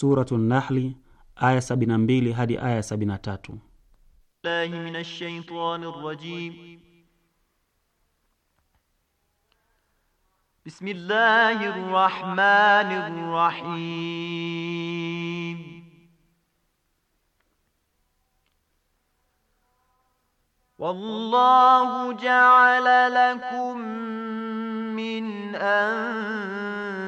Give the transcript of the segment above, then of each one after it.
Suratu Nahli aya 72 hadi aya 73. Billahi minash shaitani rajim. Bismillahir rahmanir rahim. والله جعل لكم من أنفسكم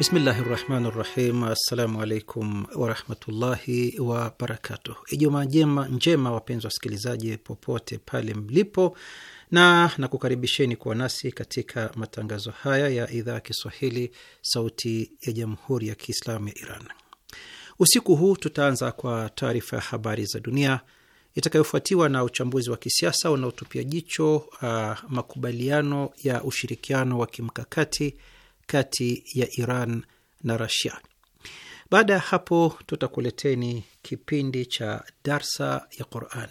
Bismillahi rahmani rahim. Assalamu alaikum warahmatullahi wabarakatuh. Ijumaa jema njema, wapenzi wasikilizaji popote pale mlipo, na nakukaribisheni kuwa nasi katika matangazo haya ya idhaa ya Kiswahili sauti ya jamhuri ya Kiislamu ya Iran. Usiku huu tutaanza kwa taarifa ya habari za dunia itakayofuatiwa na uchambuzi wa kisiasa unaotupia jicho uh, makubaliano ya ushirikiano wa kimkakati kati ya Iran na Rasia. Baada ya hapo, tutakuleteni kipindi cha darsa ya Quran.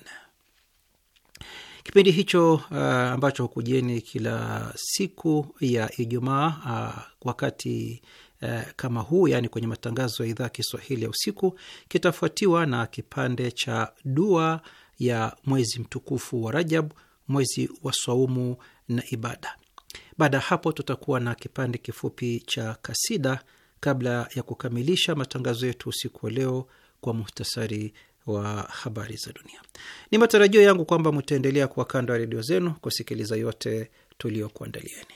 Kipindi hicho uh, ambacho hukujieni kila siku ya Ijumaa uh, wakati uh, kama huu, yaani kwenye matangazo ya idhaa ya Kiswahili ya usiku, kitafuatiwa na kipande cha dua ya mwezi mtukufu wa Rajab, mwezi wa swaumu na ibada. Baada ya hapo, tutakuwa na kipande kifupi cha kasida kabla ya kukamilisha matangazo yetu usiku wa leo kwa muhtasari wa habari za dunia. Ni matarajio yangu kwamba mtaendelea kuwa kando ya redio zenu kusikiliza yote tuliyokuandalieni.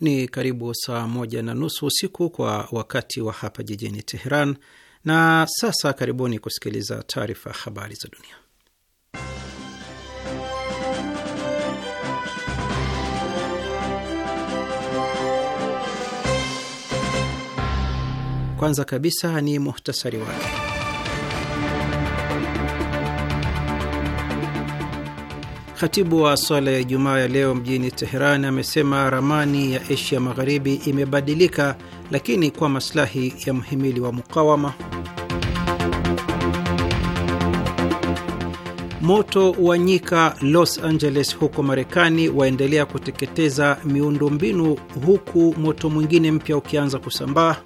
Ni karibu saa moja na nusu usiku kwa wakati wa hapa jijini Teheran, na sasa karibuni kusikiliza taarifa ya habari za dunia. Kwanza kabisa ni muhtasari wake. katibu wa swala ya Ijumaa ya leo mjini Teheran amesema ramani ya Asia Magharibi imebadilika lakini kwa masilahi ya mhimili wa mukawama. Moto wa nyika Los Angeles huko Marekani waendelea kuteketeza miundombinu huku moto mwingine mpya ukianza kusambaa.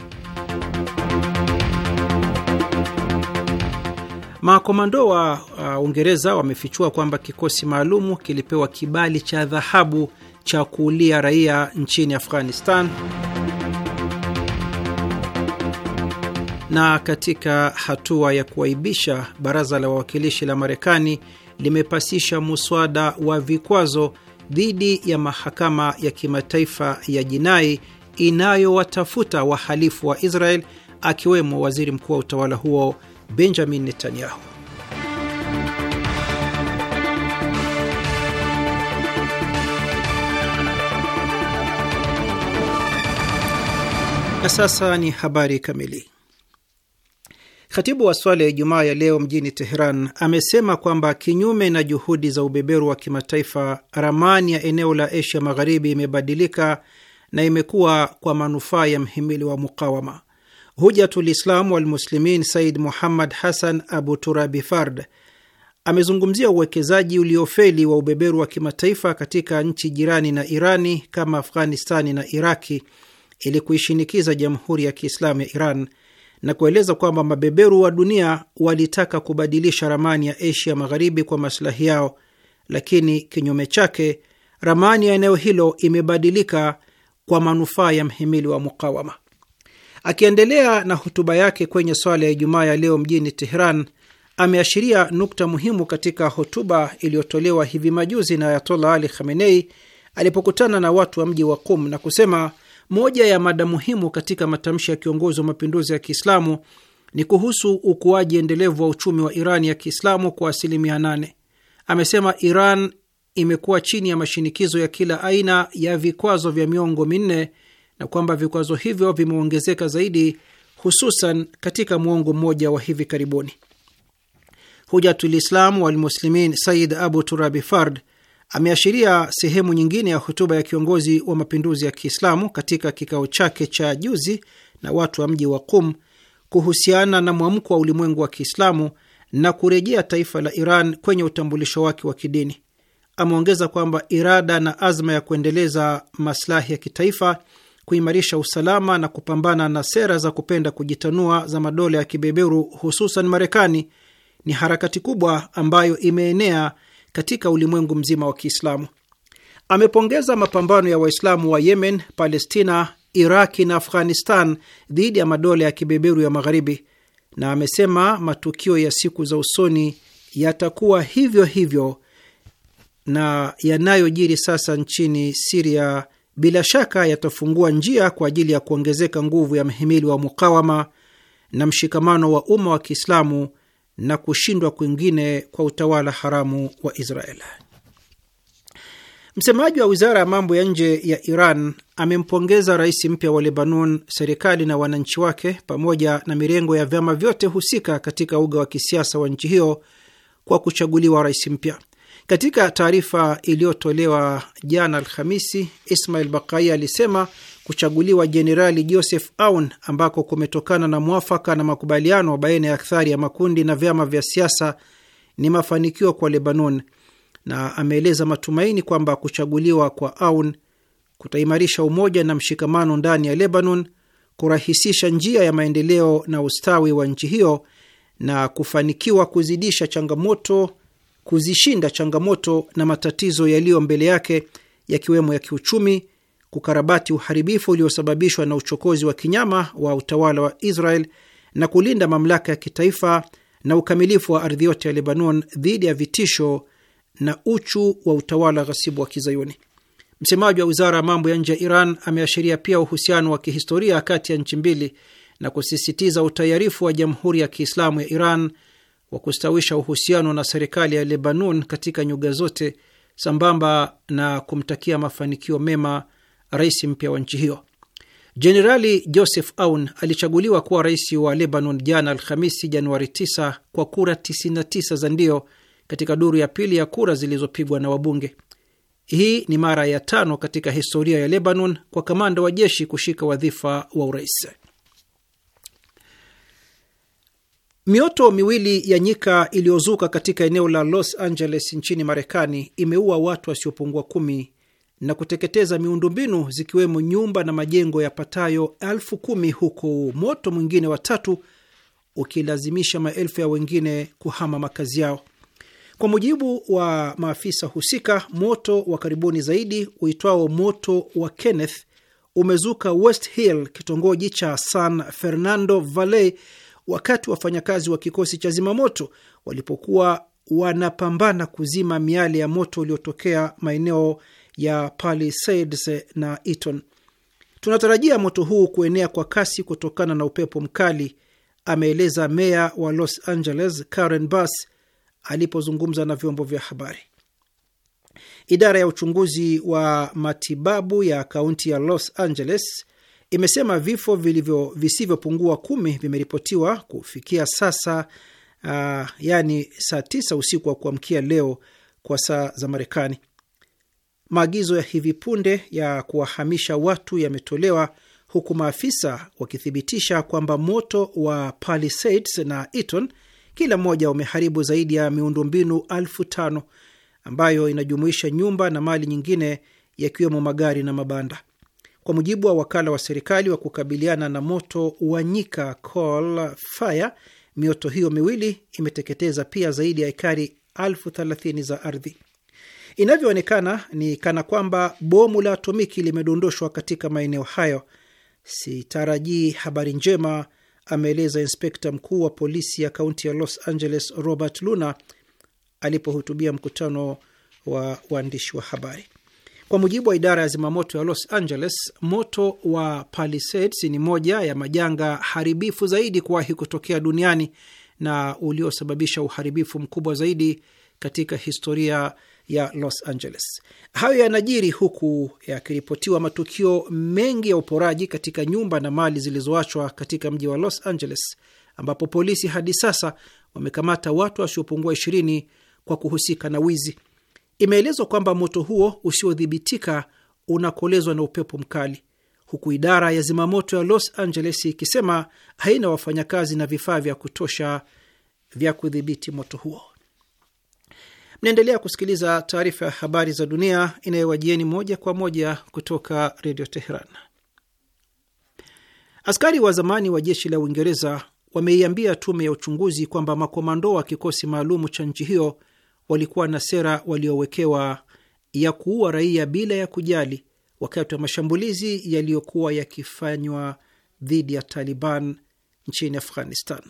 Makomando wa uh, Uingereza wamefichua kwamba kikosi maalumu kilipewa kibali cha dhahabu cha kuulia raia nchini Afghanistan. Na katika hatua ya kuaibisha, baraza la wawakilishi la Marekani limepasisha muswada wa vikwazo dhidi ya mahakama ya kimataifa ya jinai inayowatafuta wahalifu wa Israel akiwemo waziri mkuu wa utawala huo Benjamin Netanyahu. Na sasa ni habari kamili. Katibu wa swala ya Ijumaa ya leo mjini Teheran amesema kwamba kinyume na juhudi za ubeberu wa kimataifa, ramani ya eneo la Asia Magharibi imebadilika na imekuwa kwa manufaa ya mhimili wa mukawama. Hujatul Islam Walmuslimin Said Muhammad Hassan Abu Turabi Fard amezungumzia uwekezaji uliofeli wa ubeberu wa kimataifa katika nchi jirani na Irani kama Afghanistani na Iraki ili kuishinikiza Jamhuri ya Kiislamu ya Iran na kueleza kwamba mabeberu wa dunia walitaka kubadilisha ramani ya Asia Magharibi kwa masilahi yao, lakini kinyume chake, ramani ya eneo hilo imebadilika kwa manufaa ya mhimili wa mukawama. Akiendelea na hotuba yake kwenye swala ya Ijumaa ya leo mjini Teheran, ameashiria nukta muhimu katika hotuba iliyotolewa hivi majuzi na Ayatollah Ali Khamenei alipokutana na watu wa mji wa Qum na kusema moja ya mada muhimu katika matamshi ya kiongozi wa mapinduzi ya Kiislamu ni kuhusu ukuaji endelevu wa uchumi wa Iran ya Kiislamu kwa asilimia nane. Amesema Iran imekuwa chini ya mashinikizo ya kila aina ya vikwazo vya miongo minne na kwamba vikwazo hivyo vimeongezeka zaidi hususan katika mwongo mmoja wa hivi karibuni. Hujatul Islam Walmuslimin Said Abu Turabi Fard Ameashiria sehemu nyingine ya hotuba ya kiongozi wa mapinduzi ya Kiislamu katika kikao chake cha juzi na watu wa mji wa Qum kuhusiana na mwamko wa ulimwengu wa Kiislamu na kurejea taifa la Iran kwenye utambulisho wake wa kidini. Ameongeza kwamba irada na azma ya kuendeleza maslahi ya kitaifa, kuimarisha usalama na kupambana na sera za kupenda kujitanua za madola ya kibeberu, hususan Marekani, ni harakati kubwa ambayo imeenea katika ulimwengu mzima wa Kiislamu. Amepongeza mapambano ya Waislamu wa Yemen, Palestina, Iraki na Afghanistan dhidi ya madola ya kibeberu ya Magharibi, na amesema matukio ya siku za usoni yatakuwa hivyo hivyo na yanayojiri sasa nchini Siria bila shaka yatafungua njia kwa ajili ya kuongezeka nguvu ya mhimili wa mukawama na mshikamano wa umma wa Kiislamu na kushindwa kwingine kwa utawala haramu wa Israel. Msemaji wa wizara ya mambo ya nje ya Iran amempongeza rais mpya wa Lebanon, serikali na wananchi wake, pamoja na mirengo ya vyama vyote husika katika uga wa kisiasa wa nchi hiyo kwa kuchaguliwa rais mpya. Katika taarifa iliyotolewa jana Alhamisi, Ismail Bakai alisema kuchaguliwa Jenerali Joseph Aoun ambako kumetokana na mwafaka na makubaliano baina ya akthari ya makundi na vyama vya siasa ni mafanikio kwa Lebanon, na ameeleza matumaini kwamba kuchaguliwa kwa Aoun kutaimarisha umoja na mshikamano ndani ya Lebanon, kurahisisha njia ya maendeleo na ustawi wa nchi hiyo na kufanikiwa kuzidisha changamoto kuzishinda changamoto na matatizo yaliyo mbele yake yakiwemo ya kiuchumi, kukarabati uharibifu uliosababishwa na uchokozi wa kinyama wa utawala wa Israel na kulinda mamlaka ya kitaifa na ukamilifu wa ardhi yote ya Lebanon dhidi ya vitisho na uchu wa utawala ghasibu wa Kizayuni. Msemaji wa wizara ya mambo ya nje ya Iran ameashiria pia uhusiano wa kihistoria kati ya nchi mbili na kusisitiza utayarifu wa Jamhuri ya Kiislamu ya Iran wa kustawisha uhusiano na serikali ya Lebanon katika nyuga zote, sambamba na kumtakia mafanikio mema rais mpya wa nchi hiyo. Jenerali Joseph Aoun alichaguliwa kuwa rais wa Lebanon jana Alhamisi, Januari 9 kwa kura 99 za ndio katika duru ya pili ya kura zilizopigwa na wabunge. Hii ni mara ya tano katika historia ya Lebanon kwa kamanda wa jeshi kushika wadhifa wa urais. Mioto miwili ya nyika iliyozuka katika eneo la Los Angeles nchini Marekani imeua watu wasiopungua kumi na kuteketeza miundombinu zikiwemo nyumba na majengo patayo elfu kumi huku moto mwingine watatu ukilazimisha maelfu ya wengine kuhama makazi yao. Kwa mujibu wa maafisa husika, moto wa karibuni zaidi uitwao moto wa Kenneth umezuka West Hill, kitongoji cha San Fernando Valley, wakati wafanyakazi wa kikosi cha zimamoto walipokuwa wanapambana kuzima miale ya moto uliotokea maeneo ya Palisades na Eton. Tunatarajia moto huu kuenea kwa kasi kutokana na upepo mkali, ameeleza meya wa Los Angeles Karen Bass alipozungumza na vyombo vya habari. Idara ya uchunguzi wa matibabu ya kaunti ya Los Angeles imesema vifo vilivyo visivyopungua kumi vimeripotiwa kufikia sasa, uh, yani saa tisa usiku wa kuamkia leo kwa saa za Marekani. Maagizo ya hivi punde ya kuwahamisha watu yametolewa huku maafisa wakithibitisha kwamba moto wa Palisades na eton kila mmoja umeharibu zaidi ya miundombinu elfu tano ambayo inajumuisha nyumba na mali nyingine yakiwemo magari na mabanda. Kwa mujibu wa wakala wa serikali wa kukabiliana na moto wa nyika Call Fire, mioto hiyo miwili imeteketeza pia zaidi ya ekari elfu thelathini za ardhi. Inavyoonekana ni kana kwamba bomu la atomiki limedondoshwa katika maeneo hayo. Sitarajii habari njema, ameeleza inspekta mkuu wa polisi ya kaunti ya Los Angeles Robert Luna alipohutubia mkutano wa waandishi wa habari. Kwa mujibu wa idara ya zimamoto ya Los Angeles, moto wa Palisades ni moja ya majanga haribifu zaidi kuwahi kutokea duniani na uliosababisha uharibifu mkubwa zaidi katika historia ya Los Angeles. Hayo yanajiri huku yakiripotiwa matukio mengi ya uporaji katika nyumba na mali zilizoachwa katika mji wa Los Angeles, ambapo polisi hadi sasa wamekamata watu wasiopungua ishirini kwa kuhusika na wizi. Imeelezwa kwamba moto huo usiodhibitika unakolezwa na upepo mkali, huku idara ya zimamoto ya Los Angeles ikisema haina wafanyakazi na vifaa vya kutosha vya kudhibiti moto huo. Mnaendelea kusikiliza taarifa ya habari za dunia inayowajieni moja kwa moja kutoka redio Teheran. Askari wa zamani wa jeshi la Uingereza wameiambia tume ya uchunguzi kwamba makomando wa kikosi maalum cha nchi hiyo walikuwa na sera waliowekewa ya kuua raia bila ya kujali wakati wa mashambulizi yaliyokuwa yakifanywa dhidi ya Taliban nchini Afghanistan.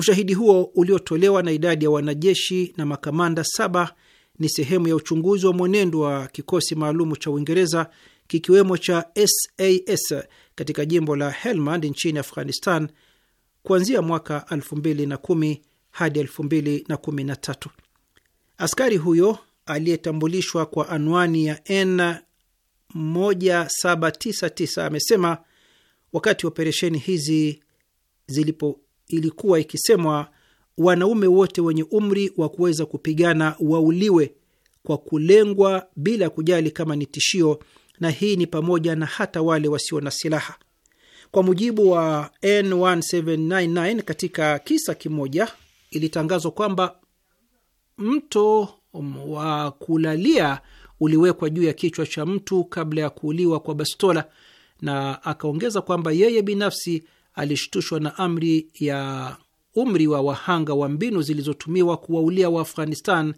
Ushahidi huo uliotolewa na idadi ya wanajeshi na makamanda saba ni sehemu ya uchunguzi wa mwenendo wa kikosi maalumu cha Uingereza kikiwemo cha SAS katika jimbo la Helmand nchini Afghanistan kuanzia mwaka 2010 hadi 2013. Askari huyo aliyetambulishwa kwa anwani ya N1799 amesema wakati operesheni hizi zilipo ilikuwa ikisemwa wanaume wote wenye umri wa kuweza kupigana wauliwe kwa kulengwa bila kujali kama ni tishio, na hii ni pamoja na hata wale wasio na silaha. Kwa mujibu wa N1799, katika kisa kimoja ilitangazwa kwamba mto wa kulalia uliwekwa juu ya kichwa cha mtu kabla ya kuuliwa kwa bastola, na akaongeza kwamba yeye binafsi alishtushwa na amri ya umri wa wahanga wa mbinu zilizotumiwa kuwaulia Afghanistan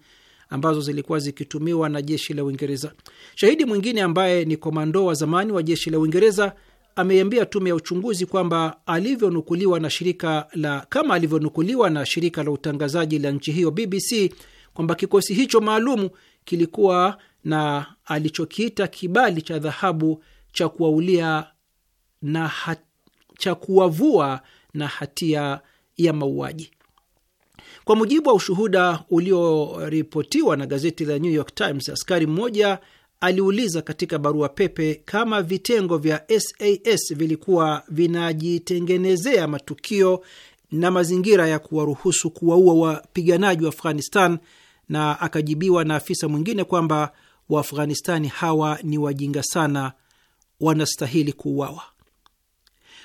ambazo zilikuwa zikitumiwa na jeshi la Uingereza. Shahidi mwingine ambaye ni komando wa zamani wa jeshi la Uingereza ameiambia tume ya uchunguzi kwamba alivyonukuliwa na shirika la kama alivyonukuliwa na shirika la utangazaji la nchi hiyo BBC kwamba kikosi hicho maalumu kilikuwa na alichokiita kibali cha dhahabu cha kuwaulia na hati cha kuwavua na hatia ya mauaji. Kwa mujibu wa ushuhuda ulioripotiwa na gazeti la New York Times, askari mmoja aliuliza katika barua pepe kama vitengo vya SAS vilikuwa vinajitengenezea matukio na mazingira ya kuwaruhusu kuwaua wapiganaji wa Afghanistan, na akajibiwa na afisa mwingine kwamba Waafghanistani hawa ni wajinga sana, wanastahili kuuawa.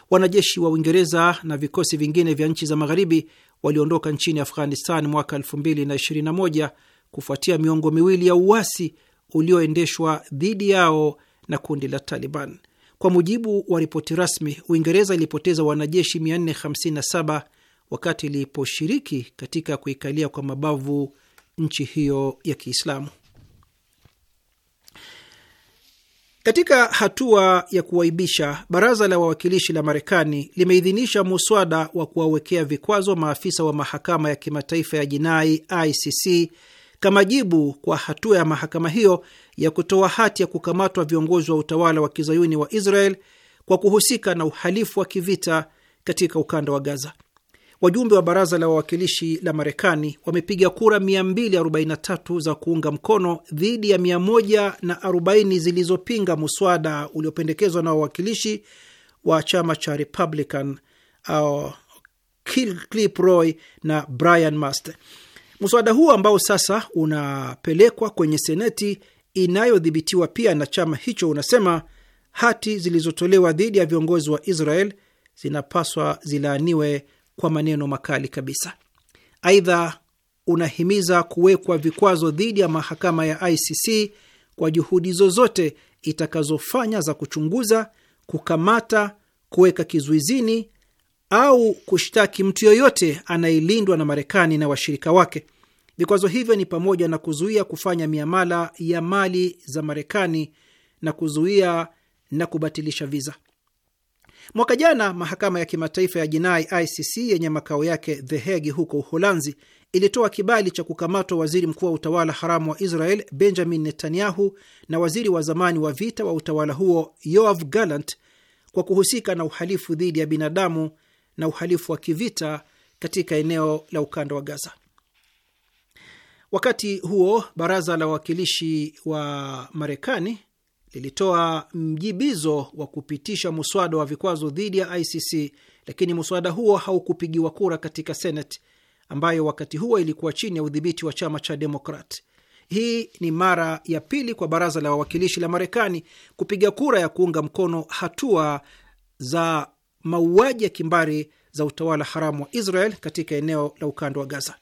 Wanajeshi wa Uingereza na vikosi vingine vya nchi za magharibi waliondoka nchini Afghanistan mwaka 2021 kufuatia miongo miwili ya uasi ulioendeshwa dhidi yao na kundi la Taliban. Kwa mujibu wa ripoti rasmi, Uingereza ilipoteza wanajeshi 457 wakati iliposhiriki katika kuikalia kwa mabavu nchi hiyo ya Kiislamu. Katika hatua ya kuwaibisha, baraza la wawakilishi la Marekani limeidhinisha muswada wa kuwawekea vikwazo maafisa wa mahakama ya kimataifa ya jinai ICC kama jibu kwa hatua ya mahakama hiyo ya kutoa hati ya kukamatwa viongozi wa utawala wa kizayuni wa Israel kwa kuhusika na uhalifu wa kivita katika ukanda wa Gaza. Wajumbe wa baraza la wawakilishi la Marekani wamepiga kura 243 za kuunga mkono dhidi ya 140 zilizopinga muswada uliopendekezwa na wawakilishi wa chama cha Republican au Roy na Brian Mast. Mswada huu ambao sasa unapelekwa kwenye Seneti inayodhibitiwa pia na chama hicho unasema hati zilizotolewa dhidi ya viongozi wa Israel zinapaswa zilaaniwe kwa maneno makali kabisa. Aidha, unahimiza kuwekwa vikwazo dhidi ya mahakama ya ICC kwa juhudi zozote itakazofanya za kuchunguza, kukamata, kuweka kizuizini au kushtaki mtu yoyote anayelindwa na Marekani na washirika wake. Vikwazo hivyo ni pamoja na kuzuia kufanya miamala ya mali za Marekani na kuzuia na kubatilisha viza. Mwaka jana mahakama ya kimataifa ya jinai ICC yenye makao yake The Hague huko Uholanzi ilitoa kibali cha kukamatwa waziri mkuu wa utawala haramu wa Israel Benjamin Netanyahu na waziri wa zamani wa vita wa utawala huo Yoav Gallant kwa kuhusika na uhalifu dhidi ya binadamu na uhalifu wa kivita katika eneo la ukanda wa Gaza. Wakati huo baraza la wawakilishi wa Marekani lilitoa mjibizo wa kupitisha muswada wa vikwazo dhidi ya ICC, lakini muswada huo haukupigiwa kura katika Senate ambayo wakati huo ilikuwa chini ya udhibiti wa chama cha Demokrat. Hii ni mara ya pili kwa baraza la wawakilishi la Marekani kupiga kura ya kuunga mkono hatua za mauaji ya kimbari za utawala haramu wa Israel katika eneo la ukanda wa Gaza.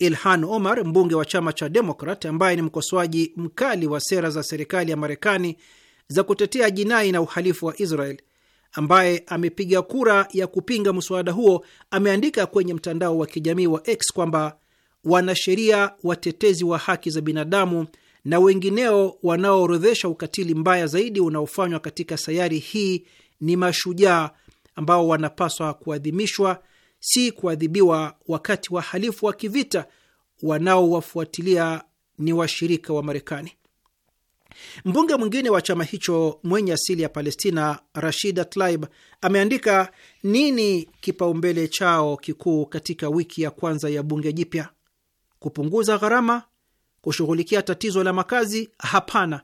Ilhan Omar, mbunge wa chama cha Demokrat ambaye ni mkosoaji mkali wa sera za serikali ya Marekani za kutetea jinai na uhalifu wa Israel, ambaye amepiga kura ya kupinga mswada huo, ameandika kwenye mtandao wa kijamii wa X kwamba wanasheria, watetezi wa haki za binadamu na wengineo wanaoorodhesha ukatili mbaya zaidi unaofanywa katika sayari hii ni mashujaa ambao wanapaswa kuadhimishwa si kuadhibiwa wakati wahalifu wa kivita wanaowafuatilia ni washirika wa, wa Marekani. Mbunge mwingine wa chama hicho mwenye asili ya Palestina, Rashida Tlaib, ameandika nini kipaumbele chao kikuu katika wiki ya kwanza ya bunge jipya? Kupunguza gharama, kushughulikia tatizo la makazi? Hapana,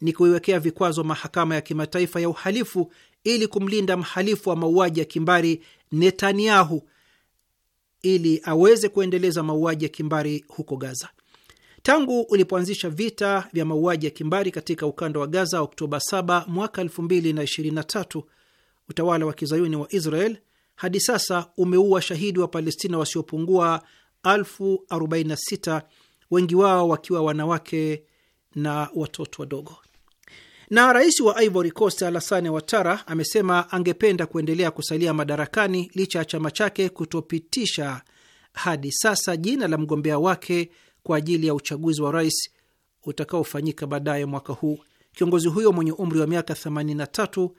ni kuiwekea vikwazo mahakama ya kimataifa ya uhalifu ili kumlinda mhalifu wa mauaji ya kimbari Netanyahu ili aweze kuendeleza mauaji ya kimbari huko Gaza. Tangu ulipoanzisha vita vya mauaji ya kimbari katika ukanda wa Gaza Oktoba 7 mwaka 2023, utawala wa kizayuni wa Israel hadi sasa umeua shahidi wa Palestina wasiopungua 1046, wengi wao wakiwa wanawake na watoto wadogo. Na rais wa Ivory Coast Alassane Ouattara amesema angependa kuendelea kusalia madarakani licha ya chama chake kutopitisha hadi sasa jina la mgombea wake kwa ajili ya uchaguzi wa rais utakaofanyika baadaye mwaka huu. Kiongozi huyo mwenye umri wa miaka 83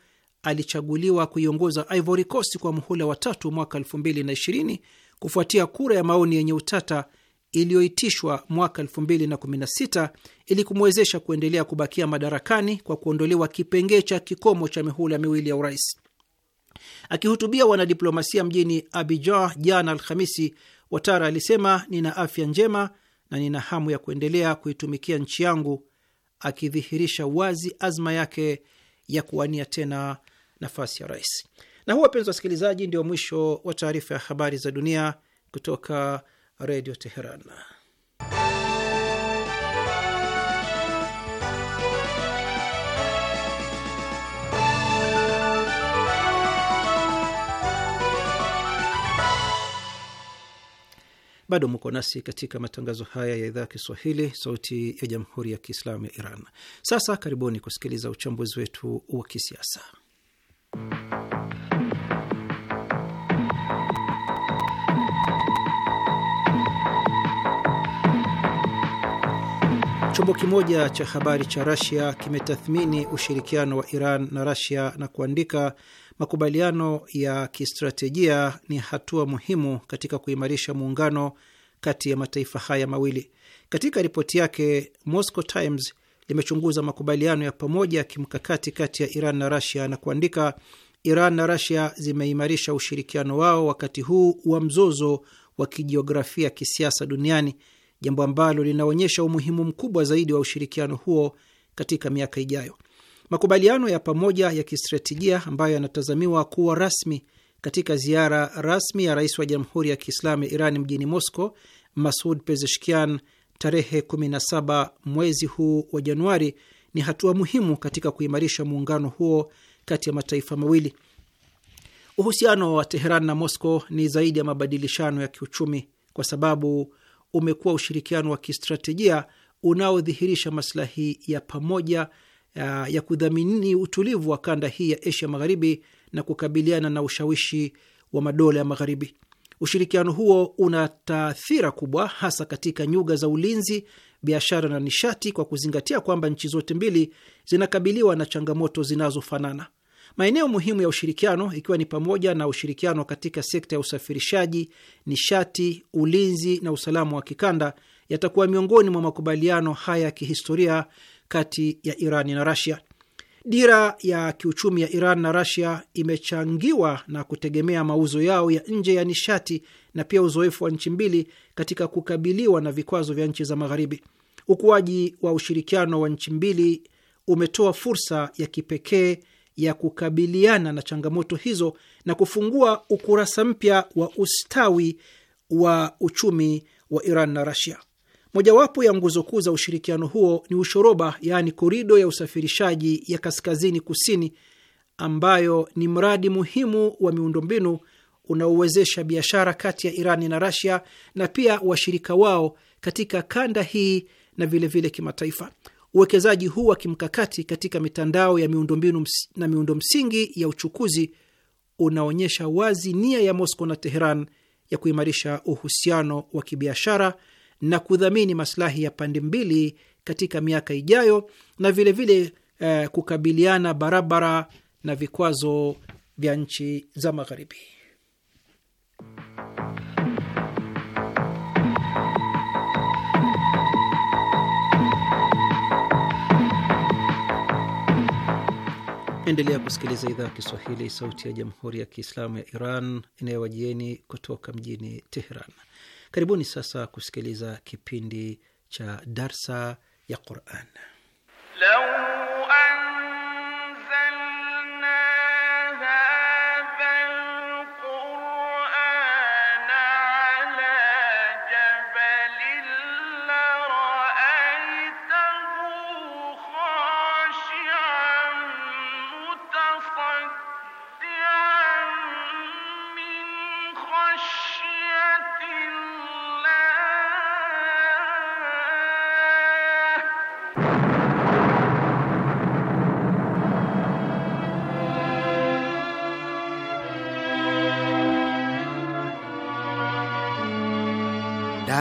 alichaguliwa kuiongoza Ivory Coast kwa muhula wa tatu mwaka 2020 kufuatia kura ya maoni yenye utata iliyoitishwa mwaka 2016 ili kumwezesha kuendelea kubakia madarakani kwa kuondolewa kipengee cha kikomo cha mihula miwili ya urais. Akihutubia wanadiplomasia mjini Abidjan jana Alhamisi, Watara alisema nina afya njema na nina hamu ya kuendelea kuitumikia nchi yangu, akidhihirisha wazi azma yake ya kuwania tena nafasi ya rais. Na huu, wapenzi wasikilizaji, ndio mwisho wa taarifa ya habari za dunia kutoka Redio Teheran. Bado mko nasi katika matangazo haya ya idhaa ya Kiswahili, sauti ya jamhuri ya kiislamu ya Iran. Sasa karibuni kusikiliza uchambuzi wetu wa kisiasa. Chombo kimoja cha habari cha Rasia kimetathmini ushirikiano wa Iran na Rasia na kuandika, makubaliano ya kistratejia ni hatua muhimu katika kuimarisha muungano kati ya mataifa haya mawili. Katika ripoti yake, Moscow Times limechunguza makubaliano ya pamoja ya kimkakati kati ya Iran na Rasia na kuandika, Iran na Rasia zimeimarisha ushirikiano wao wakati huu wa mzozo wa kijiografia, kisiasa duniani jambo ambalo linaonyesha umuhimu mkubwa zaidi wa ushirikiano huo katika miaka ijayo. Makubaliano ya pamoja ya kistratejia ambayo yanatazamiwa kuwa rasmi katika ziara rasmi ya rais wa Jamhuri ya Kiislamu ya Iran mjini Moscow, Masud Pezeshkian, tarehe 17 mwezi huu wa Januari, ni hatua muhimu katika kuimarisha muungano huo kati ya mataifa mawili. Uhusiano wa Teheran na Moscow ni zaidi ya mabadilishano ya kiuchumi, kwa sababu umekuwa ushirikiano wa kistratejia unaodhihirisha maslahi ya pamoja uh, ya kudhamini utulivu wa kanda hii ya Asia Magharibi na kukabiliana na ushawishi wa madola ya Magharibi. Ushirikiano huo una taathira kubwa hasa katika nyuga za ulinzi, biashara na nishati, kwa kuzingatia kwamba nchi zote mbili zinakabiliwa na changamoto zinazofanana. Maeneo muhimu ya ushirikiano ikiwa ni pamoja na ushirikiano katika sekta ya usafirishaji, nishati, ulinzi na usalama wa kikanda yatakuwa miongoni mwa makubaliano haya ya kihistoria kati ya Irani na Rasia. Dira ya kiuchumi ya Iran na Rasia imechangiwa na kutegemea mauzo yao ya nje ya nishati na pia uzoefu wa nchi mbili katika kukabiliwa na vikwazo vya nchi za Magharibi. Ukuaji wa ushirikiano wa nchi mbili umetoa fursa ya kipekee ya kukabiliana na changamoto hizo na kufungua ukurasa mpya wa ustawi wa uchumi wa Iran na Rasia. Mojawapo ya nguzo kuu za ushirikiano huo ni ushoroba, yaani korido ya usafirishaji ya kaskazini kusini, ambayo ni mradi muhimu wa miundombinu unaowezesha biashara kati ya Irani na Rasia na pia washirika wao katika kanda hii na vilevile kimataifa. Uwekezaji huu wa kimkakati katika mitandao ya miundombinu na miundo msingi ya uchukuzi unaonyesha wazi nia ya Moscow na Teheran ya kuimarisha uhusiano wa kibiashara na kudhamini masilahi ya pande mbili katika miaka ijayo na vilevile vile, eh, kukabiliana barabara na vikwazo vya nchi za Magharibi. endelea kusikiliza idhaa ya Kiswahili, sauti ya jamhuri ya kiislamu ya Iran inayowajieni kutoka mjini Teheran. Karibuni sasa kusikiliza kipindi cha darsa ya Quran.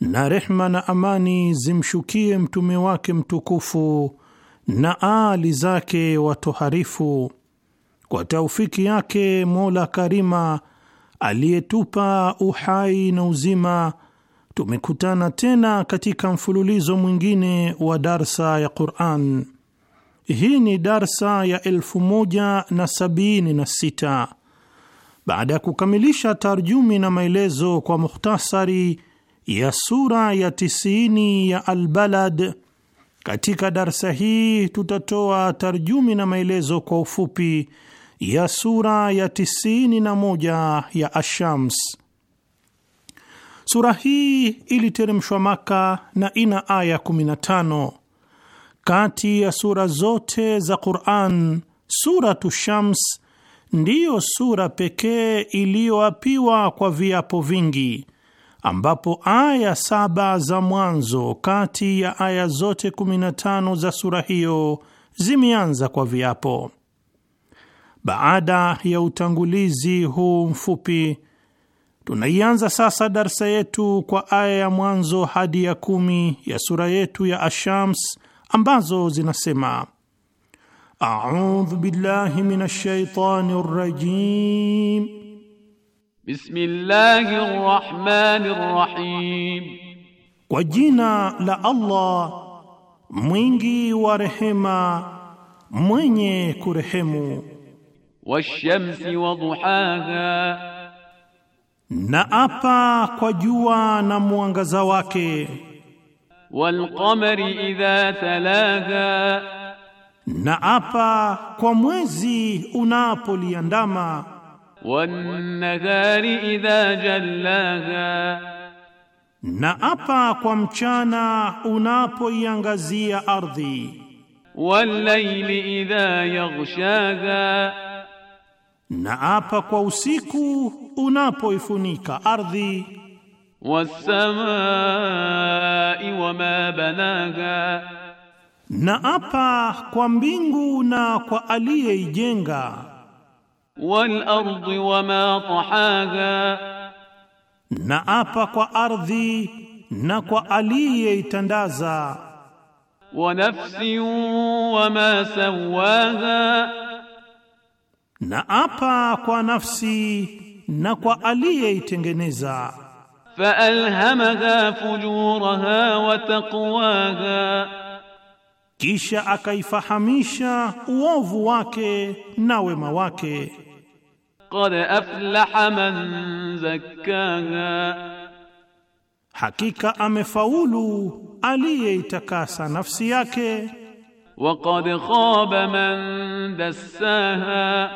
na rehma na amani zimshukie mtume wake mtukufu na aali zake watoharifu. Kwa taufiki yake Mola Karima aliyetupa uhai na uzima, tumekutana tena katika mfululizo mwingine wa darsa ya Quran. Hii ni darsa ya elfu moja na sabini na sita baada ya kukamilisha tarjumi na maelezo kwa mukhtasari ya sura ya tisini ya Albalad. Katika darsa hii tutatoa tarjumi na maelezo kwa ufupi ya sura ya tisini na moja ya Ashams. Sura hii iliteremshwa Maka na ina aya 15. Kati ya sura zote za Quran, Suratu Shams ndiyo sura pekee iliyoapiwa kwa viapo vingi ambapo aya saba za mwanzo kati ya aya zote 15 za sura hiyo zimeanza kwa viapo. Baada ya utangulizi huu mfupi, tunaianza sasa darsa yetu kwa aya ya mwanzo hadi ya kumi ya sura yetu ya Ashams ambazo zinasema: audhu billahi minash shaitani rajim Bismillahir Rahmanir Rahim, kwa jina la Allah mwingi wa rehema mwenye kurehemu. Washamsi waduhaha, na apa kwa jua na mwangaza wake. Walqamari idha talaha, na apa kwa mwezi unapoliandama Wannahari idha jallaha, na apa kwa mchana unapoiangazia ardhi. Wallaili idha yaghshaha, na apa kwa usiku unapoifunika ardhi. Wassamai wama banaha, na apa kwa mbingu na kwa aliyeijenga wal ardi wama tahaha, na apa kwa ardhi na kwa aliyeitandaza. Wa nafsi wama sawaha, na apa kwa nafsi na kwa aliyeitengeneza. Fa alhamaha fujuraha wa taqwaha, kisha akaifahamisha uovu wake na wema wake. Qad aflaha man zakkaha, hakika amefaulu aliyeitakasa nafsi yake. Wa qad khaba man dassaha,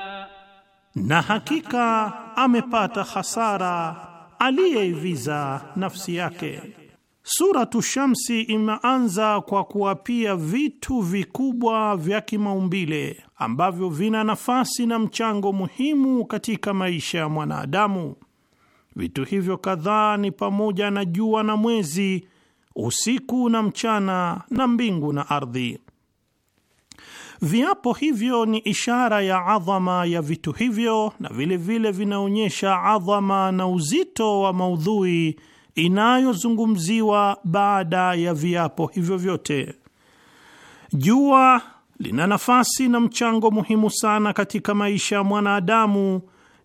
na hakika amepata hasara aliyeiviza nafsi yake. Suratu Shamsi imeanza kwa kuapia vitu vikubwa vya kimaumbile ambavyo vina nafasi na mchango muhimu katika maisha ya mwanadamu. Vitu hivyo kadhaa ni pamoja na jua na mwezi, usiku na mchana, na mbingu na ardhi. Viapo hivyo ni ishara ya adhama ya vitu hivyo na vilevile vinaonyesha adhama na uzito wa maudhui inayozungumziwa baada ya viapo hivyo vyote. Jua lina nafasi na mchango muhimu sana katika maisha ya mwanadamu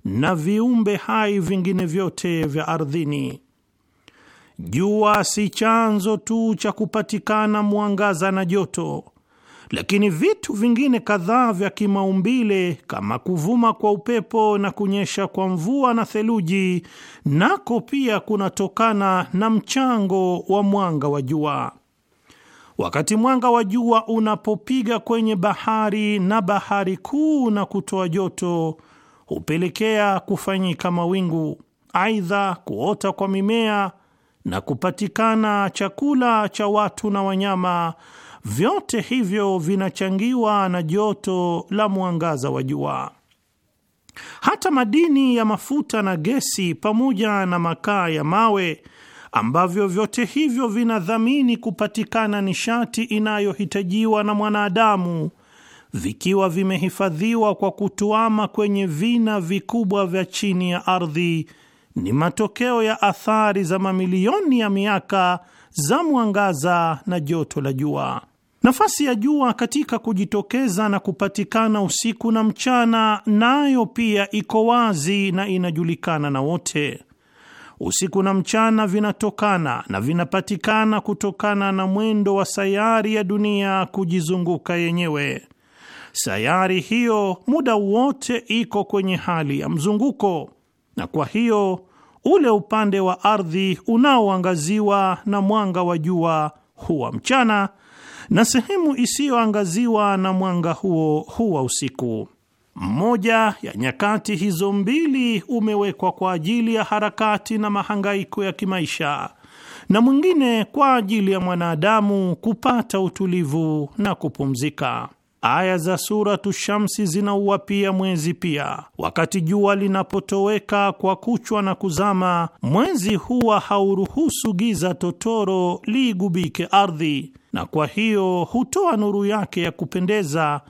na viumbe hai vingine vyote vya ardhini. Jua si chanzo tu cha kupatikana mwangaza na joto, lakini vitu vingine kadhaa vya kimaumbile kama kuvuma kwa upepo na kunyesha kwa mvua na theluji, nako pia kunatokana na mchango wa mwanga wa jua. Wakati mwanga wa jua unapopiga kwenye bahari na bahari kuu na kutoa joto, hupelekea kufanyika mawingu, aidha kuota kwa mimea na kupatikana chakula cha watu na wanyama. Vyote hivyo vinachangiwa na joto la mwangaza wa jua. Hata madini ya mafuta na gesi pamoja na makaa ya mawe ambavyo vyote hivyo vinadhamini kupatikana nishati inayohitajiwa na mwanadamu vikiwa vimehifadhiwa kwa kutuama kwenye vina vikubwa vya chini ya ardhi, ni matokeo ya athari za mamilioni ya miaka za mwangaza na joto la jua. Nafasi ya jua katika kujitokeza na kupatikana usiku na mchana, nayo pia iko wazi na inajulikana na wote usiku na mchana vinatokana na vinapatikana kutokana na mwendo wa sayari ya dunia kujizunguka yenyewe. Sayari hiyo muda wote iko kwenye hali ya mzunguko, na kwa hiyo ule upande wa ardhi unaoangaziwa na mwanga wa jua huwa mchana na sehemu isiyoangaziwa na mwanga huo huwa usiku. Mmoja ya nyakati hizo mbili umewekwa kwa ajili ya harakati na mahangaiko ya kimaisha na mwingine kwa ajili ya mwanadamu kupata utulivu na kupumzika. Aya za Suratu Shamsi zinauapia mwezi pia. Wakati jua linapotoweka kwa kuchwa na kuzama, mwezi huwa hauruhusu giza totoro liigubike ardhi, na kwa hiyo hutoa nuru yake ya kupendeza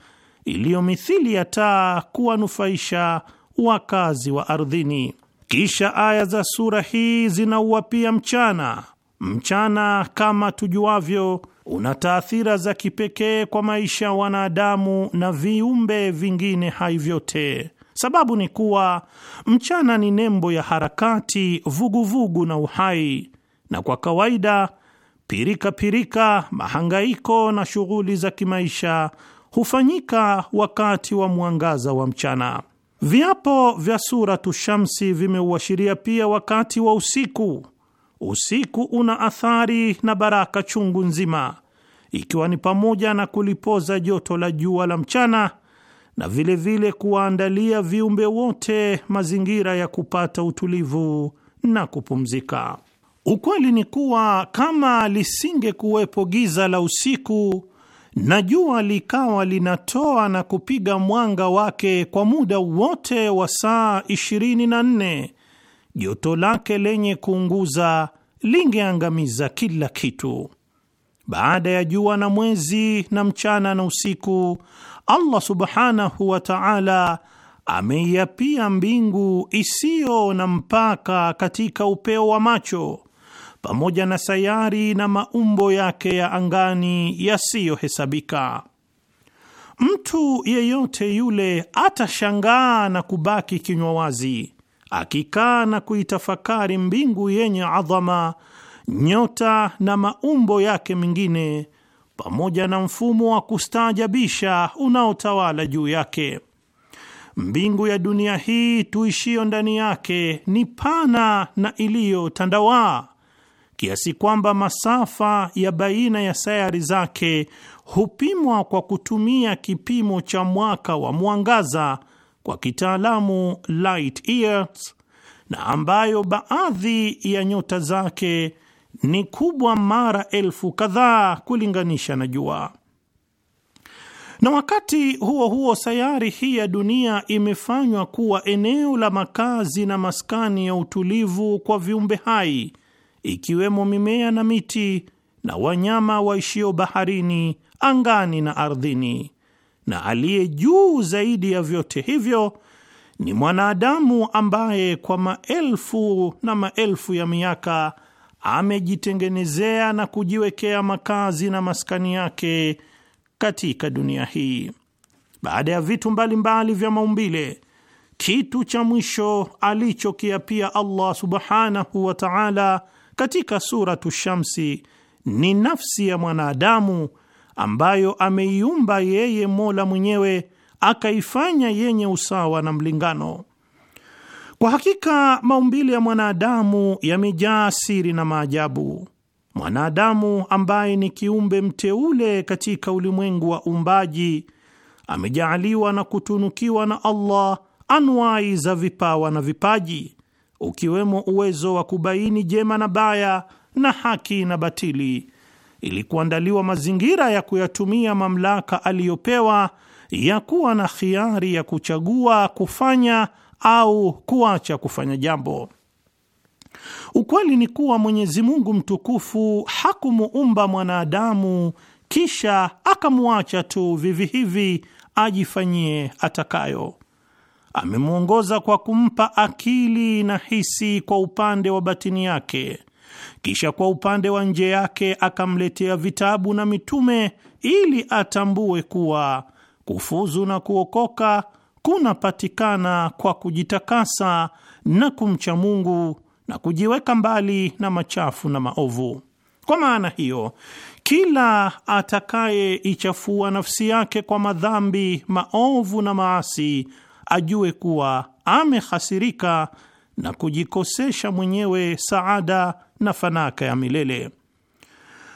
iliyo mithili ya taa kuwanufaisha wakazi wa ardhini. Kisha aya za sura hii zinauapia mchana. Mchana kama tujuavyo, una taathira za kipekee kwa maisha ya wanadamu na viumbe vingine hai vyote. Sababu ni kuwa mchana ni nembo ya harakati, vuguvugu vugu na uhai, na kwa kawaida pirikapirika pirika, mahangaiko na shughuli za kimaisha hufanyika wakati wa mwangaza wa mchana. Viapo vya Suratu Shamsi vimeuashiria pia wakati wa usiku. Usiku una athari na baraka chungu nzima, ikiwa ni pamoja na kulipoza joto la jua la mchana na vilevile kuwaandalia viumbe wote mazingira ya kupata utulivu na kupumzika. Ukweli ni kuwa kama lisingekuwepo giza la usiku na jua likawa linatoa na kupiga mwanga wake kwa muda wote wa saa 24, joto lake lenye kuunguza lingeangamiza kila kitu. Baada ya jua na mwezi na mchana na usiku, Allah subhanahu wa ta'ala ameiapia mbingu isiyo na mpaka katika upeo wa macho pamoja na sayari na maumbo yake ya angani yasiyohesabika. Mtu yeyote yule atashangaa na kubaki kinywa wazi akikaa na kuitafakari mbingu yenye adhama, nyota na maumbo yake mengine, pamoja na mfumo wa kustaajabisha unaotawala juu yake. Mbingu ya dunia hii tuishio ndani yake ni pana na iliyotandawaa kiasi kwamba masafa ya baina ya sayari zake hupimwa kwa kutumia kipimo cha mwaka wa mwangaza, kwa kitaalamu light years, na ambayo baadhi ya nyota zake ni kubwa mara elfu kadhaa kulinganisha na jua. Na wakati huo huo, sayari hii ya dunia imefanywa kuwa eneo la makazi na maskani ya utulivu kwa viumbe hai ikiwemo mimea na miti na wanyama waishio baharini, angani na ardhini, na aliye juu zaidi ya vyote hivyo ni mwanadamu ambaye kwa maelfu na maelfu ya miaka amejitengenezea na kujiwekea makazi na maskani yake katika dunia hii. Baada ya vitu mbalimbali mbali vya maumbile, kitu cha mwisho alichokiapia Allah subhanahu wa ta'ala katika Suratu Shamsi ni nafsi ya mwanadamu ambayo ameiumba yeye Mola mwenyewe akaifanya yenye usawa na mlingano. Kwa hakika maumbile ya mwanadamu yamejaa siri na maajabu. Mwanadamu ambaye ni kiumbe mteule katika ulimwengu wa uumbaji amejaaliwa na kutunukiwa na Allah anwai za vipawa na vipaji ukiwemo uwezo wa kubaini jema na baya na haki na batili, ili kuandaliwa mazingira ya kuyatumia mamlaka aliyopewa ya kuwa na khiari ya kuchagua kufanya au kuacha kufanya jambo. Ukweli ni kuwa Mwenyezi Mungu mtukufu hakumuumba mwanadamu kisha akamwacha tu vivi hivi ajifanyie atakayo amemwongoza kwa kumpa akili na hisi kwa upande wa batini yake, kisha kwa upande wa nje yake akamletea vitabu na mitume ili atambue kuwa kufuzu na kuokoka kunapatikana kwa kujitakasa na kumcha Mungu na kujiweka mbali na machafu na maovu. Kwa maana hiyo, kila atakayeichafua nafsi yake kwa madhambi maovu na maasi ajue kuwa amehasirika na kujikosesha mwenyewe saada na fanaka ya milele.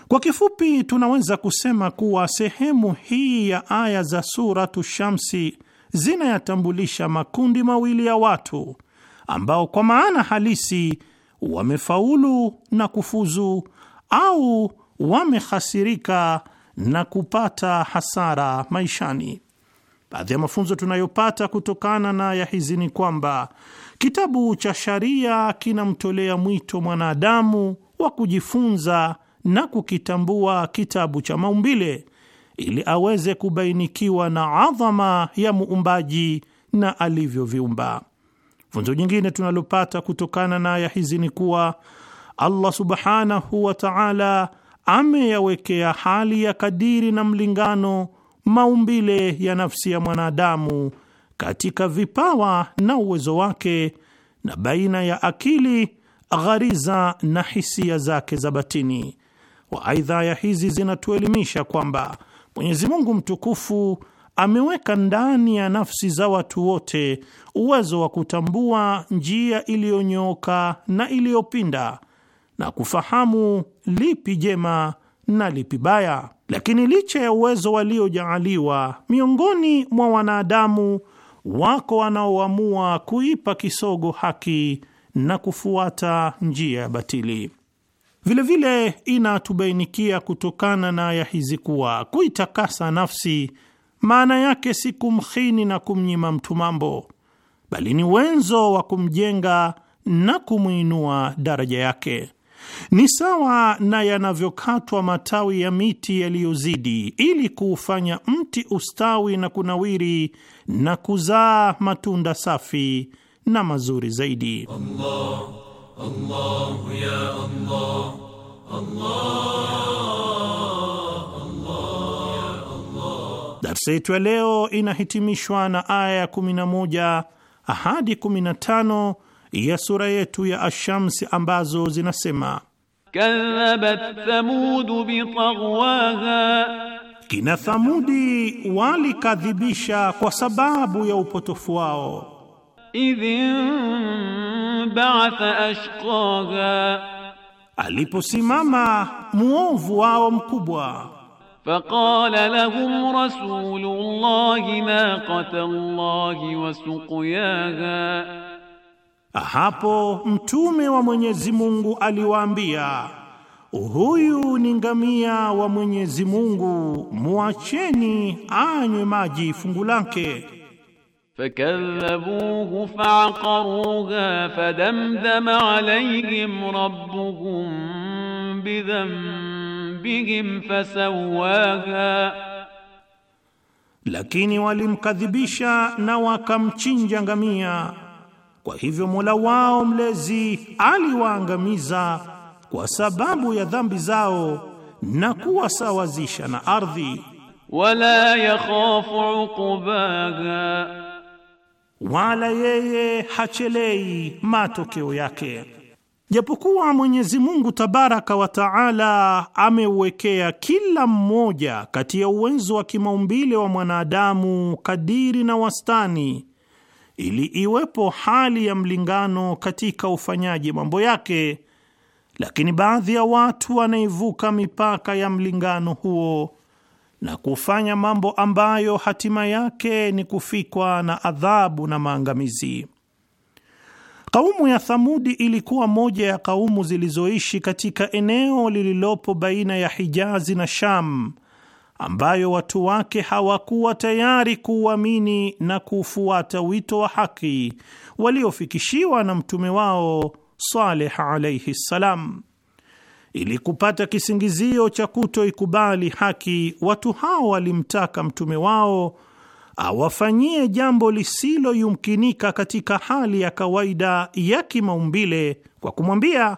Kwa kifupi, tunaweza kusema kuwa sehemu hii ya aya za Suratu Shamsi zinayatambulisha makundi mawili ya watu ambao kwa maana halisi wamefaulu na kufuzu au wamehasirika na kupata hasara maishani. Baadhi ya mafunzo tunayopata kutokana na ya hizi ni kwamba kitabu cha sharia kinamtolea mwito mwanadamu wa kujifunza na kukitambua kitabu cha maumbile ili aweze kubainikiwa na adhama ya muumbaji na alivyoviumba. Funzo jingine tunalopata kutokana na aya hizi ni kuwa Allah subhanahu wa taala ameyawekea hali ya kadiri na mlingano maumbile ya nafsi ya mwanadamu katika vipawa na uwezo wake na baina ya akili, ghariza na hisia zake za batini. Waaidha, ya hizi zinatuelimisha kwamba Mwenyezi Mungu mtukufu ameweka ndani ya nafsi za watu wote uwezo wa kutambua njia iliyonyooka na iliyopinda na kufahamu lipi jema na lipi baya. Lakini licha ya uwezo waliojaaliwa, miongoni mwa wanadamu wako wanaoamua kuipa kisogo haki na kufuata njia ya batili. Vilevile inatubainikia kutokana na aya hizi kuwa kuitakasa nafsi maana yake si kumhini na kumnyima mtu mambo, bali ni wenzo wa kumjenga na kumwinua daraja yake. Ni sawa na yanavyokatwa matawi ya miti yaliyozidi ili kuufanya mti ustawi na kunawiri na kuzaa matunda safi na mazuri zaidi. Allah, Allah, ya Allah, Allah, Allah, ya Allah. Darsa yetu ya leo inahitimishwa na aya ya 11 hadi 15 ya sura yetu ya Ashamsi ambazo zinasema: kadhabat thamudu bitagwaha, kina Thamudi walikadhibisha kwa sababu ya upotofu wao. Idhin ba'atha ashqaha, aliposimama muovu wao mkubwa. Faqala lahum rasulullahi naqata Allahi wa suqyaha hapo mtume wa Mwenyezi Mungu aliwaambia, huyu ni ngamia wa Mwenyezi Mungu, muacheni anywe maji fungu lake. Fakadhabuhu faqaruha fadamdama alayhim rabbuhum bidhanbihim fasawaha, lakini walimkadhibisha na wakamchinja ngamia kwa hivyo Mola wao mlezi aliwaangamiza kwa sababu ya dhambi zao na kuwasawazisha na ardhi. Wala yakhafu uqbaha, wala yeye hachelei matokeo yake. Japokuwa Mwenyezi Mungu Tabaraka wa Taala ameuwekea kila mmoja kati ya uwezo wa kimaumbile wa mwanadamu kadiri na wastani ili iwepo hali ya mlingano katika ufanyaji mambo yake, lakini baadhi ya watu wanaivuka mipaka ya mlingano huo na kufanya mambo ambayo hatima yake ni kufikwa na adhabu na maangamizi. Kaumu ya Thamudi ilikuwa moja ya kaumu zilizoishi katika eneo lililopo baina ya Hijazi na Sham ambayo watu wake hawakuwa tayari kuuamini na kufuata wito wa haki waliofikishiwa na mtume wao Saleh alaihi ssalam. Ili kupata kisingizio cha kutoikubali haki, watu hao walimtaka mtume wao awafanyie jambo lisiloyumkinika katika hali ya kawaida ya kimaumbile kwa kumwambia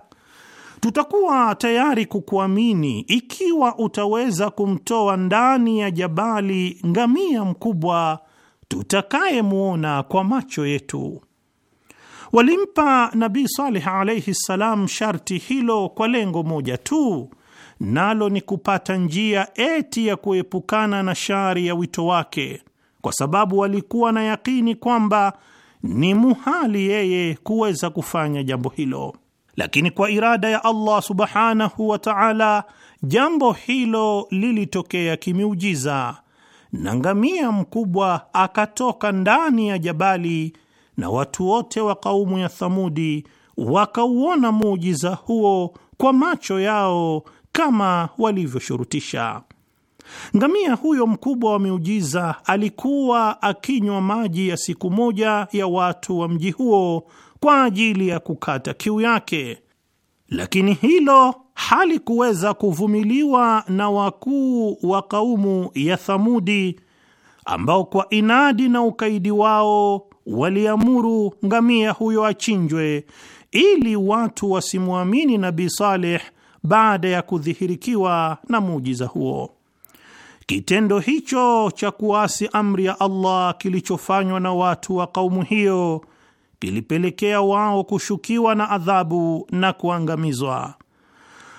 tutakuwa tayari kukuamini ikiwa utaweza kumtoa ndani ya jabali ngamia mkubwa tutakayemwona kwa macho yetu. Walimpa Nabii Saleh alaihi ssalam sharti hilo kwa lengo moja tu, nalo ni kupata njia eti ya kuepukana na shari ya wito wake, kwa sababu walikuwa na yakini kwamba ni muhali yeye kuweza kufanya jambo hilo lakini kwa irada ya Allah subhanahu wa ta'ala, jambo hilo lilitokea kimiujiza, na ngamia mkubwa akatoka ndani ya jabali na watu wote wa kaumu ya Thamudi wakauona muujiza huo kwa macho yao kama walivyoshurutisha. Ngamia huyo mkubwa wa miujiza alikuwa akinywa maji ya siku moja ya watu wa mji huo kwa ajili ya kukata kiu yake, lakini hilo halikuweza kuvumiliwa na wakuu wa kaumu ya Thamudi ambao kwa inadi na ukaidi wao waliamuru ngamia huyo achinjwe ili watu wasimwamini Nabii Saleh baada ya kudhihirikiwa na muujiza huo. Kitendo hicho cha kuasi amri ya Allah kilichofanywa na watu wa kaumu hiyo ilipelekea wao kushukiwa na adhabu na kuangamizwa.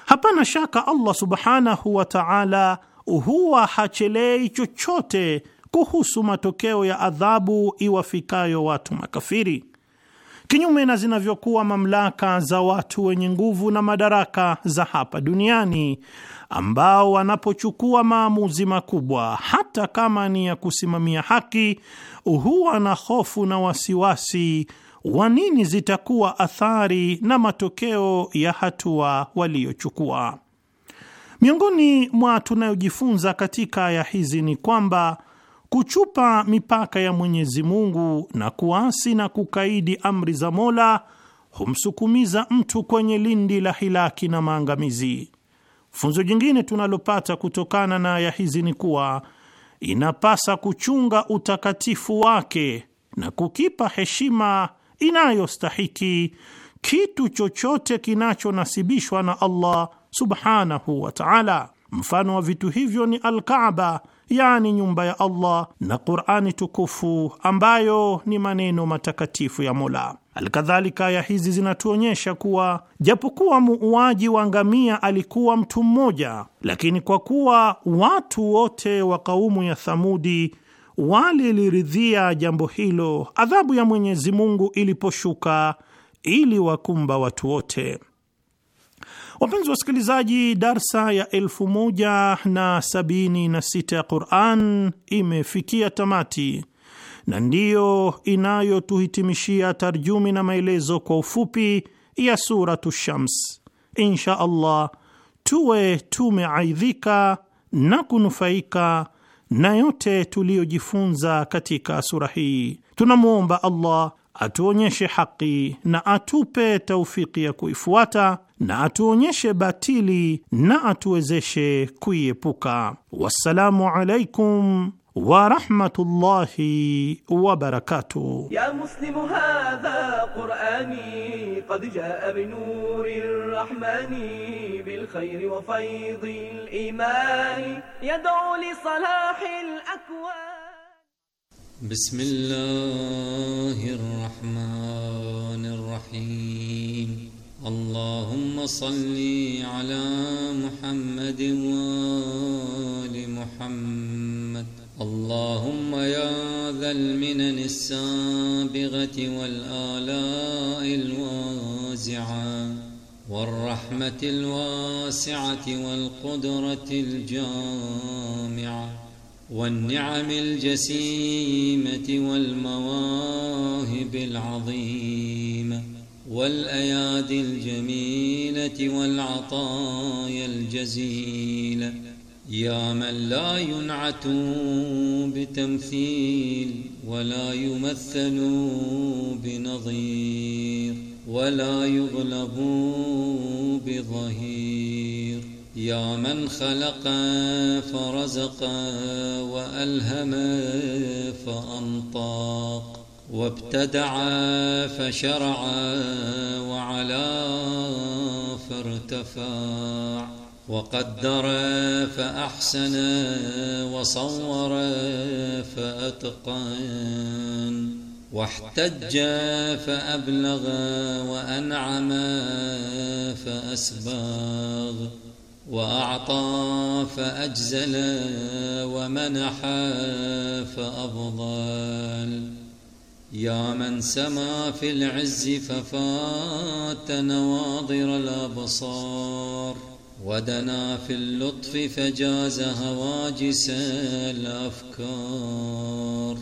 Hapana shaka Allah subhanahu wa ta'ala huwa hachelei chochote kuhusu matokeo ya adhabu iwafikayo watu makafiri, kinyume na zinavyokuwa mamlaka za watu wenye nguvu na madaraka za hapa duniani, ambao wanapochukua maamuzi makubwa, hata kama ni ya kusimamia haki, huwa na hofu na wasiwasi wanini zitakuwa athari na matokeo ya hatua waliyochukua. Miongoni mwa tunayojifunza katika aya hizi ni kwamba kuchupa mipaka ya Mwenyezi Mungu na kuasi na kukaidi amri za Mola humsukumiza mtu kwenye lindi la hilaki na maangamizi. Funzo jingine tunalopata kutokana na aya hizi ni kuwa inapasa kuchunga utakatifu wake na kukipa heshima inayostahiki kitu chochote kinachonasibishwa na Allah subhanahu wa ta'ala. Mfano wa vitu hivyo ni Al-Kaaba, yani nyumba ya Allah na Qur'ani tukufu ambayo ni maneno matakatifu ya Mola. Alkadhalika, aya hizi zinatuonyesha kuwa japokuwa muuaji wa ngamia alikuwa mtu mmoja, lakini kwa kuwa watu wote wa kaumu ya Thamudi waliliridhia jambo hilo adhabu ya Mwenyezi Mungu iliposhuka ili wakumba watu wote. Wapenzi wasikilizaji, darsa ya 176 ya Quran imefikia tamati na ndiyo inayotuhitimishia tarjumi na maelezo kwa ufupi ya Suratu Shams. Insha Allah tuwe tumeaidhika na kunufaika na yote tuliyojifunza katika sura hii, tunamwomba Allah atuonyeshe haki na atupe taufiki ya kuifuata na atuonyeshe batili na atuwezeshe kuiepuka. Wassalamu alaikum ورحمة الله وبركاته يا مسلم هذا قرآني قد جاء بنور الرحمن بالخير وفيض الإيمان يدعو لصلاح الأكوان بسم الله الرحمن الرحيم اللهم صل على محمد وآل محمد اللهم يا ذا المنن السابغة والآلاء الوازعة والرحمة الواسعة والقدرة الجامعة والنعم الجسيمة والمواهب العظيمة والأيادي الجميلة والعطايا الجزيلة يا من لا ينعت بتمثيل ولا يمثل بنظير ولا يغلب بظهير يا من خلق فرزق وألهم فأنطاق وابتدع فشرع وعلا فارتفع وقدر فأحسن وصور فأتقن واحتج فأبلغ وأنعم فأسباغ وأعطى فأجزل ومنح فأفضل يا من سما في العز ففات نواظر الأبصار ودنا في اللطف فجاز هواجس الأفكار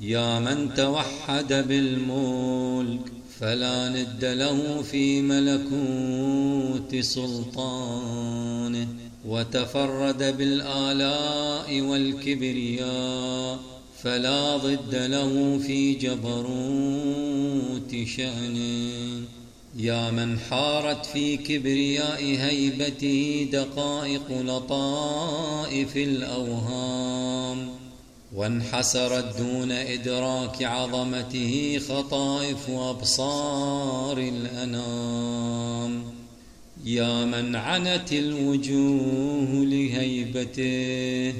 يا من توحد بالملك فلا ند له في ملكوت سلطانه وتفرد بالآلاء والكبرياء فلا ضد له في جبروت شأنه يا من حارت في كبرياء هيبته دقائق لطائف الأوهام وانحسرت دون إدراك عظمته خطائف أبصار الأنام يا من عنت الوجوه لهيبته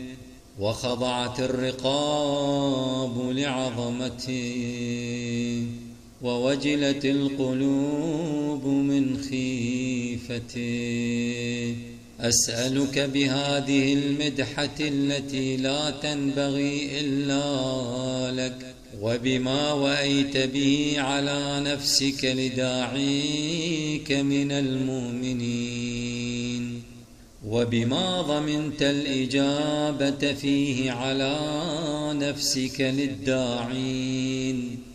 وخضعت الرقاب لعظمته ووجلت القلوب من خيفته أسألك بهذه المدحة التي لا تنبغي إلا لك وبما وأيت به على نفسك لداعيك من المؤمنين وبما ضمنت الإجابة فيه على نفسك للداعين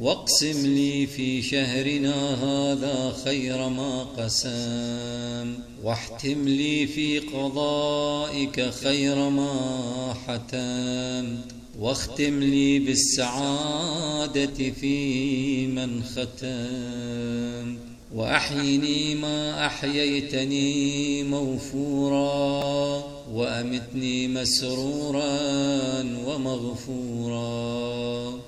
واقسم لي في شهرنا هذا خير ما قسام واحتم لي في قضائك خير ما حتام واختم لي بالسعادة في من ختم وأحيني ما أحييتني موفورا وأمتني مسرورا ومغفورا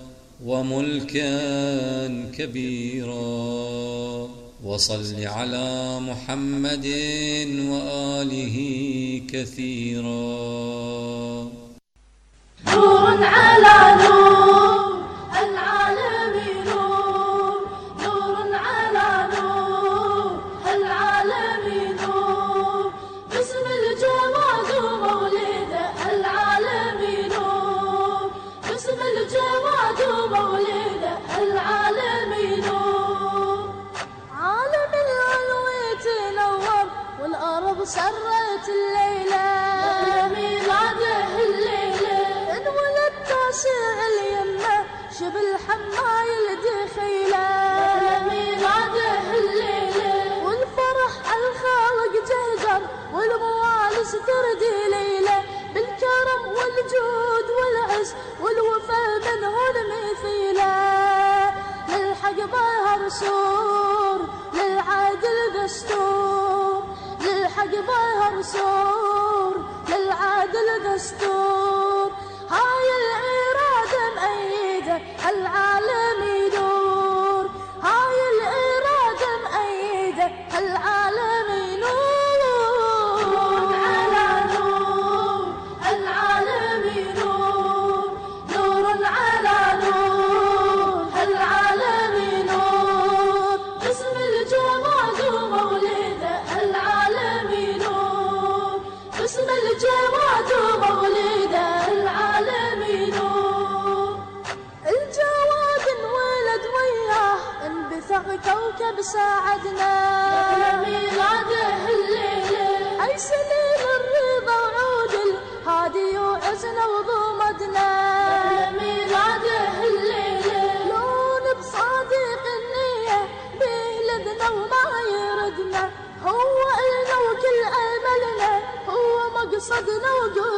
وملكا كبيرا وصل على محمد وآله كثيرا نور على نور العالم سرت الليلة بعده الليلة انولد تاسع اليمة شبل الدخيلة دخيلة بعده الليلة والفرح الخالق جهجر والموالي ستر دليلة بالكرم والجود والعز والوفا من هون مثيلة للحق ظهر سور للعدل دستور للحق بها نسور للعادل دستور هاي الإرادة مأيدة العالم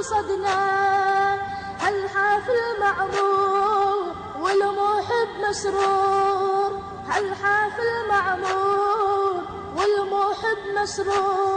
قصدنا الحافل معمور والمحب مسرور الحافل معمور والمحب مسرور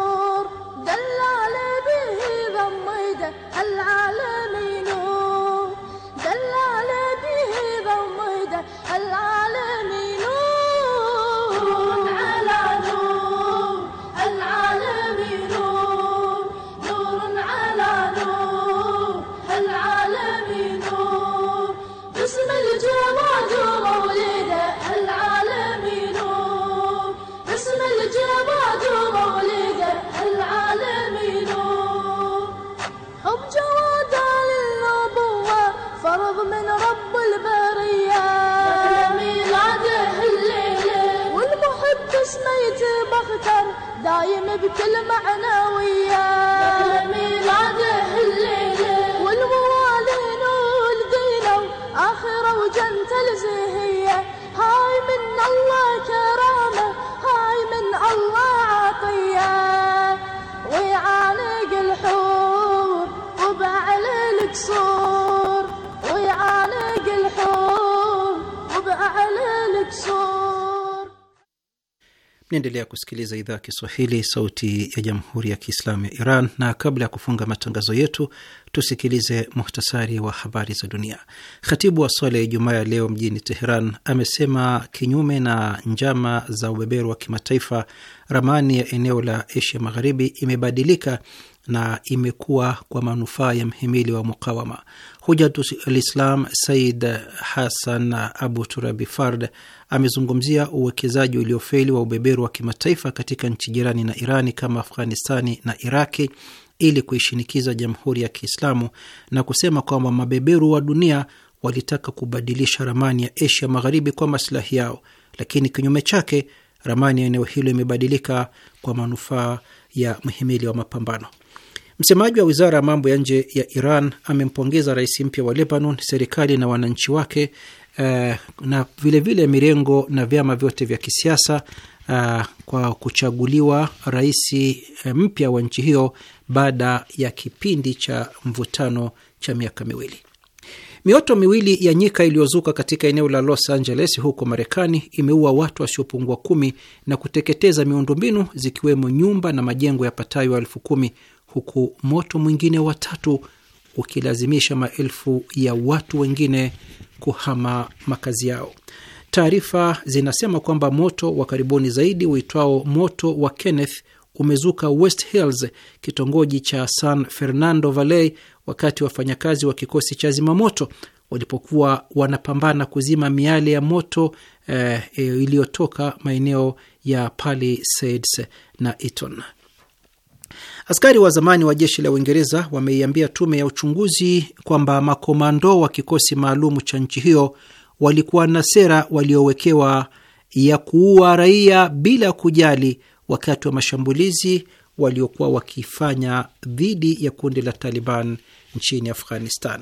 دايم بكل معنى وياه Naendelea kusikiliza idhaa ya Kiswahili, sauti ya jamhuri ya kiislamu ya Iran. Na kabla ya kufunga matangazo yetu, tusikilize muhtasari wa habari za dunia. Khatibu wa swala ya Ijumaa ya leo mjini Teheran amesema kinyume na njama za ubeberu wa kimataifa, ramani ya eneo la Asia Magharibi imebadilika na imekuwa kwa manufaa ya mhimili wa mukawama. Hujatulislam Said Hassan Abu Turabi Fard amezungumzia uwekezaji uliofeli wa ubeberu wa kimataifa katika nchi jirani na Irani kama Afghanistani na Iraki ili kuishinikiza Jamhuri ya Kiislamu na kusema kwamba mabeberu wa dunia walitaka kubadilisha ramani ya Asia Magharibi kwa masilahi yao, lakini kinyume chake ramani ya eneo hilo imebadilika kwa manufaa ya mhimili wa mapambano. Msemaji wa wizara ya mambo ya nje ya Iran amempongeza rais mpya wa Lebanon, serikali na wananchi wake, uh, na vilevile vile mirengo na vyama vyote vya kisiasa uh, kwa kuchaguliwa rais eh, mpya wa nchi hiyo baada ya kipindi cha mvutano cha miaka miwili. Mioto miwili ya nyika iliyozuka katika eneo la Los Angeles huko Marekani imeua watu wasiopungua kumi na kuteketeza miundombinu zikiwemo nyumba na majengo yapatayo elfu kumi huku moto mwingine watatu ukilazimisha maelfu ya watu wengine kuhama makazi yao. Taarifa zinasema kwamba moto wa karibuni zaidi uitwao moto wa Kenneth umezuka West Hills, kitongoji cha San Fernando Valley, wakati wafanyakazi wa kikosi cha zimamoto walipokuwa wanapambana kuzima miale ya moto eh, iliyotoka maeneo ya Palisades na Eaton. Askari wa zamani wa jeshi la Uingereza wameiambia tume ya uchunguzi kwamba makomando wa kikosi maalum cha nchi hiyo walikuwa na sera waliowekewa ya kuua raia bila kujali wakati wa mashambulizi waliokuwa wakifanya dhidi ya kundi la Taliban nchini Afghanistan.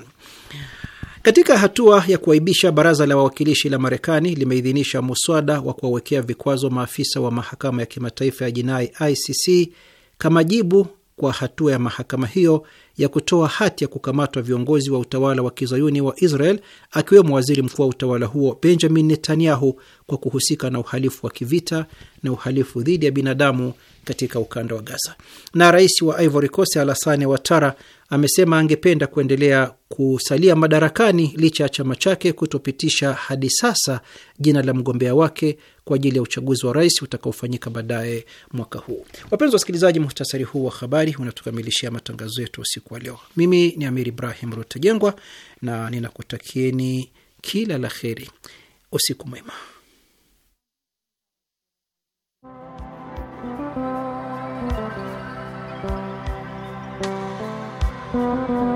Katika hatua ya kuaibisha, baraza la wawakilishi la Marekani limeidhinisha muswada wa kuwawekea vikwazo maafisa wa mahakama ya kimataifa ya jinai ICC kama jibu kwa hatua ya mahakama hiyo ya kutoa hati ya kukamatwa viongozi wa utawala wa kizayuni wa Israel akiwemo waziri mkuu wa utawala huo Benjamin Netanyahu kwa kuhusika na uhalifu wa kivita na uhalifu dhidi ya binadamu katika ukanda wa Gaza. Na rais wa Ivory Coast Alassane Ouattara amesema angependa kuendelea kusalia madarakani licha ya chama chake kutopitisha hadi sasa jina la mgombea wake kwa ajili ya uchaguzi wa rais utakaofanyika baadaye mwaka huu. Wapenzi wasikilizaji, muhtasari huu wa habari unatukamilishia matangazo yetu usiku wa leo. Mimi ni Amir Ibrahim Rutajengwa na ninakutakieni kila la heri, usiku mwema. Thank you.